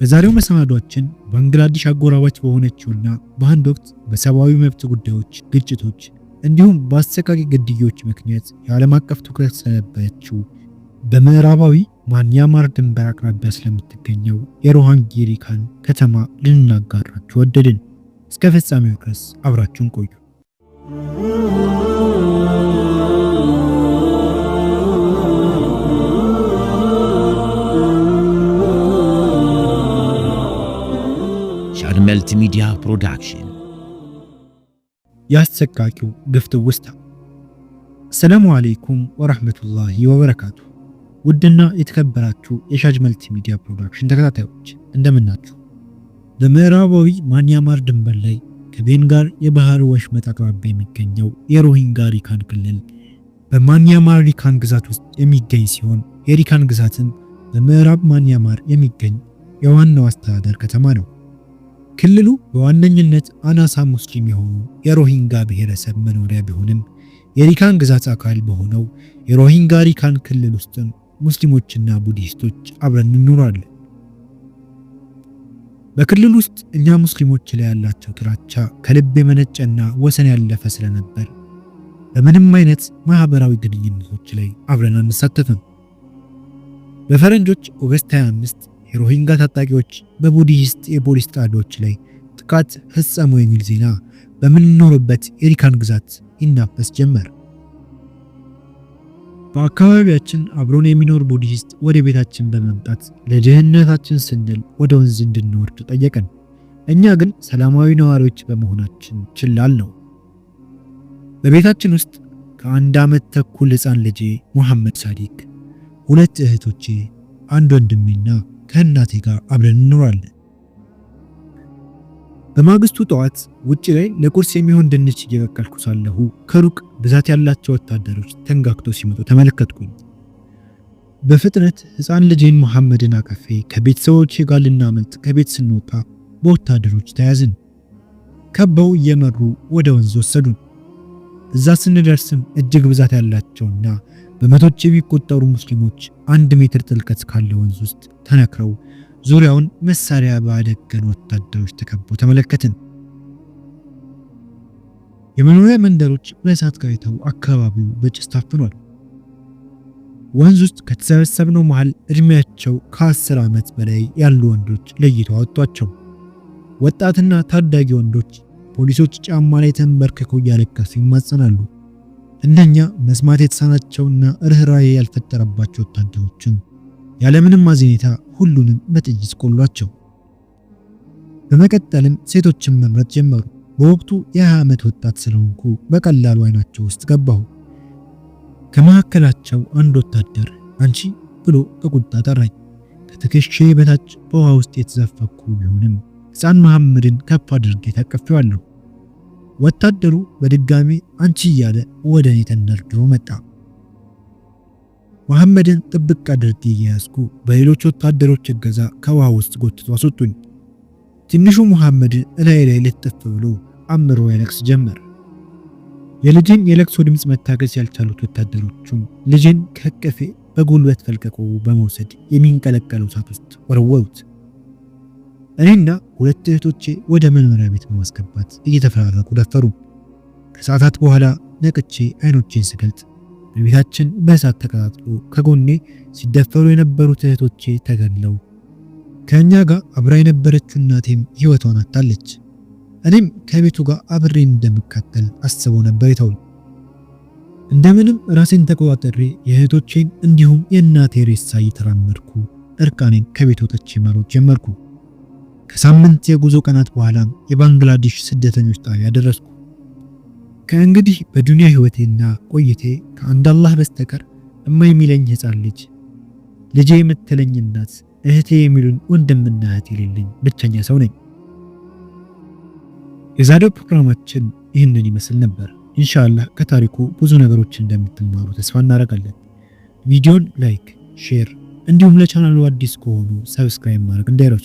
በዛሬው መሰናዷችን ባንግላዴሽ አጎራባች በሆነችውና በአንድ ወቅት በሰብአዊ መብት ጉዳዮች፣ ግጭቶች እንዲሁም በአሰቃቂ ግድያዎች ምክንያት የዓለም አቀፍ ትኩረት ስለነበረችው በምዕራባዊ ማንያማር ድንበር አቅራቢያ ስለምትገኘው የሮሃንጌሪካን ከተማ ልንናጋራችሁ ወደድን። እስከ ፍጻሜው ድረስ አብራችሁን ቆዩ። መልቲ ሚዲያ ፕሮዳክሽን። የአሰቃቂው ግፍ ትውስታ። አሰላሙ አለይኩም ወረህመቱላሂ ወበረካቱ። ውድና የተከበራችሁ የሻጅ መልቲ ሚዲያ ፕሮዳክሽን ተከታታዮች እንደምናችሁ። በምዕራባዊ ማንያማር ድንበር ላይ ከቤንጋር የባህር ወሽመጥ አቅራቢያ የሚገኘው የሮሂንጋ ሪካን ክልል በማንያማር ሪካን ግዛት ውስጥ የሚገኝ ሲሆን የሪካን ግዛትም በምዕራብ ማንያማር የሚገኝ የዋናው አስተዳደር ከተማ ነው። ክልሉ በዋነኝነት አናሳ ሙስሊም የሆኑ የሮሂንጋ ብሔረሰብ መኖሪያ ቢሆንም የሪካን ግዛት አካል በሆነው የሮሂንጋ ሪካን ክልል ውስጥም ሙስሊሞችና ቡዲስቶች አብረን እንኖራለን። በክልል ውስጥ እኛ ሙስሊሞች ላይ ያላቸው ጥላቻ ከልብ የመነጨና ወሰን ያለፈ ስለነበር በምንም አይነት ማህበራዊ ግንኙነቶች ላይ አብረን አንሳተፍም። በፈረንጆች ኦገስት 25 የሮሂንጋ ታጣቂዎች በቡዲስት የፖሊስ ጣቢያዎች ላይ ጥቃት ፈጸሙ የሚል ዜና በምንኖርበት የሪካን ግዛት ይናፈስ ጀመር። በአካባቢያችን አብሮን የሚኖር ቡዲስት ወደ ቤታችን በመምጣት ለደህንነታችን ስንል ወደ ወንዝ እንድንወርድ ጠየቀን። እኛ ግን ሰላማዊ ነዋሪዎች በመሆናችን ችላል ነው። በቤታችን ውስጥ ከአንድ ዓመት ተኩል ሕፃን ልጄ ሙሐመድ ሳዲቅ፣ ሁለት እህቶቼ፣ አንድ ወንድሜና ከእናቴ ጋር አብረን እንኖራለን። በማግስቱ ጠዋት ውጭ ላይ ለቁርስ የሚሆን ድንች እየቀቀልኩ ሳለሁ ከሩቅ ብዛት ያላቸው ወታደሮች ተንጋግቶ ሲመጡ ተመለከትኩኝ። በፍጥነት ሕፃን ልጄን መሐመድን አቀፌ ከቤተሰቦቼ ጋር ልናመልጥ ከቤት ስንወጣ በወታደሮች ተያዝን። ከበው እየመሩ ወደ ወንዝ ወሰዱን። እዛ ስንደርስም እጅግ ብዛት ያላቸውና በመቶች የሚቆጠሩ ሙስሊሞች አንድ ሜትር ጥልቀት ካለ ወንዝ ውስጥ ተነክረው ዙሪያውን መሳሪያ ባደገኑ ወታደሮች ተከቦ ተመለከትን። የመኖሪያ መንደሮች በእሳት ጋይተው አካባቢው በጭስ ታፍኗል። ወንዝ ውስጥ ከተሰበሰብነው መሃል እድሜያቸው ከአስር ዓመት በላይ ያሉ ወንዶች ለይተው አወጧቸው። ወጣትና ታዳጊ ወንዶች ፖሊሶች ጫማ ላይ ተንበርክከው እያለቀሱ ይማጸናሉ። እንደኛ መስማት የተሳናቸውና ርኅራዬ ያልፈጠረባቸው ወታደሮችን ያለምንም ማዜኔታ ሁሉንም በጥይት ቆሏቸው። በመቀጠልም ሴቶችን መምረጥ ጀመሩ። በወቅቱ የ20 ዓመት ወጣት ስለሆንኩ በቀላሉ አይናቸው ውስጥ ገባሁ። ከመካከላቸው አንድ ወታደር አንቺ ብሎ በቁጣ ጠራኝ። ከትከሻዬ በታች በውሃ ውስጥ የተዘፈኩ ቢሆንም ሕፃን መሐመድን ከፍ አድርጌ ታቀፌዋለሁ። ወታደሩ በድጋሚ አንቺ እያለ ወደ እኔ ተንደርድሮ መጣ። መሐመድን ጥብቅ አድርጌ እየያዝኩ በሌሎች ወታደሮች እገዛ ከውሃ ውስጥ ጎትቶ አስወጡኝ። ትንሹ መሐመድ እላይ ላይ ልጥፍ ብሎ አምሮ ያለቅስ ጀመር። የልጅን የለቅሶ ድምፅ መታገስ ያልቻሉት ወታደሮቹም ልጅን ከቀፌ በጉልበት ፈልቀቁ በመውሰድ የሚንቀለቀለው እሳት ውስጥ ወረወሩት። እኔና ሁለት እህቶቼ ወደ መኖሪያ ቤት በማስገባት እየተፈራረቁ ደፈሩ። ከሰዓታት በኋላ ነቅቼ አይኖቼን ስገልጥ በቤታችን በእሳት ተቀጣጥሎ ከጎኔ ሲደፈሩ የነበሩት እህቶቼ ተገድለው ከእኛ ጋር አብራ የነበረችው እናቴም ሕይወቷን አጣለች። እኔም ከቤቱ ጋር አብሬን እንደምካተል አስበው ነበር ይተው እንደምንም ራሴን ተቆጣጠሬ የእህቶቼን እንዲሁም የእናቴ ሬሳ እየተራመድኩ እርቃኔን ከቤት ወጥቼ መሮጥ ጀመርኩ። ከሳምንት የጉዞ ቀናት በኋላም የባንግላዴሽ ስደተኞች ጣቢያ ደረስኩ። ከእንግዲህ በዱንያ ህይወቴና ቆይቴ ከአንድ አላህ በስተቀር እማይሚለኝ ህፃን ልጅ ልጄ የምትለኝ እናት፣ እህቴ የሚሉን ወንድምና እህት የሌለኝ ብቸኛ ሰው ነኝ። የዛሬው ፕሮግራማችን ይህንን ይመስል ነበር። ኢንሻአላህ ከታሪኩ ብዙ ነገሮች እንደምትማሩ ተስፋ እናደርጋለን። ቪዲዮን ላይክ፣ ሼር እንዲሁም ለቻናሉ አዲስ ከሆኑ ሰብስክራይብ ማድረግ እንዳይረሱ።